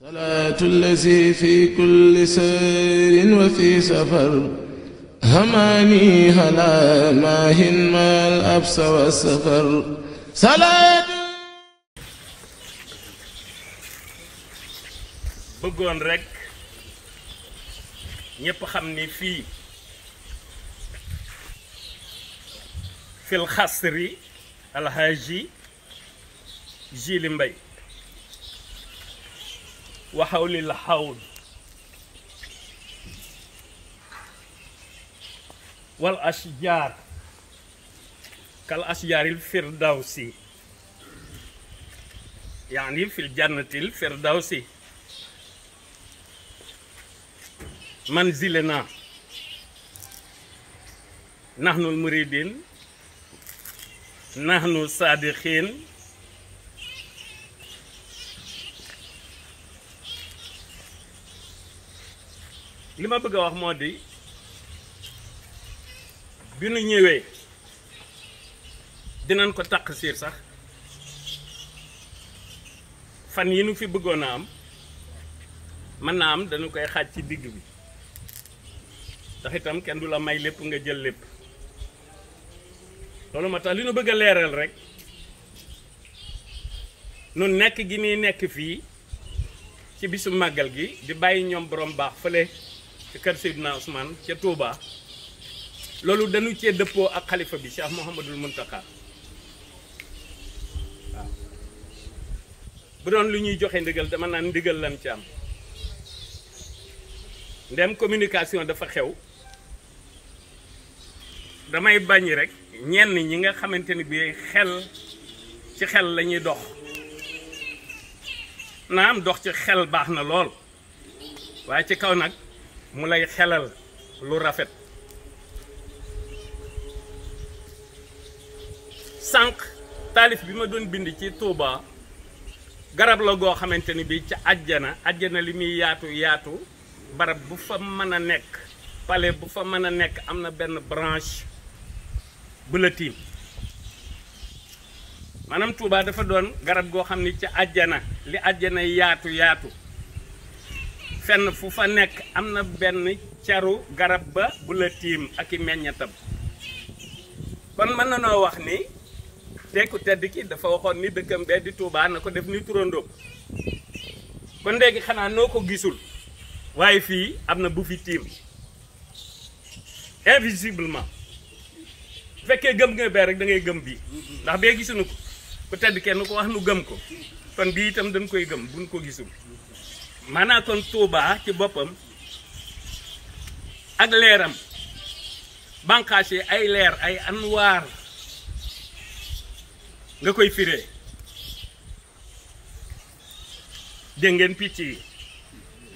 salaatu lazi fi kulli sayrin wa fi safar hamaani halaa maahin maal absa wa safar rekk ñépp xam ni fii fil Mbay waxaw li la xawul wal asjaar kal asjaaril firdawsi yaani fil jannatil firdawsi manzilana nahnul muridin nahnu saadiqin li ma bëgg a wax moo di bi nu ñëwee dinañ ko taq siir sax fan yi nu fi bëggoon a am mën naa am dañu koy xaaj ci digg bi ndax itam kenn du la may lépp nga jël lépp loolu ma tax li nu bëgg leeral rekk nu nekk gi nuy nekk fii ci bisu màggal gi di bàyyi ñoom borom baax fale ca kër Seydina Ousmane ca Touba loolu danu cee dëppoo ak xalifa bi Cheikh Mouhamadul Mountakha waaw bu doon lu ñuy joxe ndigal dama naan ndigal lan ci am ndem communication dafa xew damay bàññi rek ñenn ñi nga xamante ni bi xel ci xel la ñuy dox am dox ci xel baax na lool waaye ci kaw nag mu lay xelal lu rafet sànq taalif bi ma doon bind ci Touba garab la goo xamante ni bii ca àjjana àjjana li muy yaatu yaatu barab bu fa mën a nekk palais bu fa mën a nekk am na benn branche bu la tiim maanaam Touba dafa doon garab goo xam ni ci àjjana li àjjana yaatu yaatu fenn fu fa nekk am na benn caru garab ba bu la tiim ak i meññatam kon mën na noo wax ni tekku tedd ki dafa waxoon ni dëkkam bee di Touba na ko def ni turandoo kon léegi xanaa noo ko gisul waaye fii am na bu fi tiim invisiblement bu fekkee gëm nga bee rek da ngay gëm bii ndax bee gisuñu ko ku tedd kenn ko wax nu gëm ko kon bii itam dañ koy gëm buñ ko gisul maanaam kon Touba ci boppam ak leeram banqaas yi ay leer ay anwaar nga koy firee dégg picc yi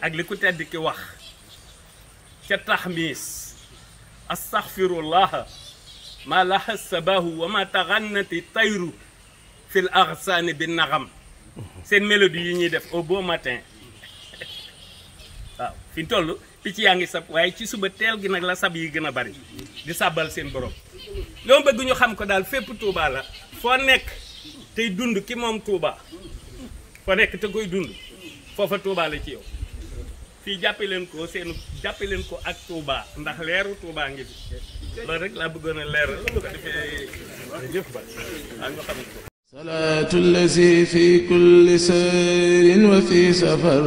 ak li ku tedd ki wax ca taxmiis astaxfirullaha ma laxa sabahu wa ma taxannati tayru fil axsaani bi naxam seen mélodie yi ñuy def au matin waaw fi ñu toll picc yaa ngi sab waaye ci suba teel gi nag la sab yi gën a bari di sàbbal seen borom loo bëgg ñu xam ko daal fépp Touba la foo nekk tey dund ki moom Touba foo nekk te koy dund foofa Touba la ci yow fii jàppe leen ko seen jàppe leen ko ak Touba ndax leeru Touba ngi fi loolu rek laa bëggoon a leeral ko defee jëf ba nga xam ko salaatu lazi fi kulli sayrin wa fi safar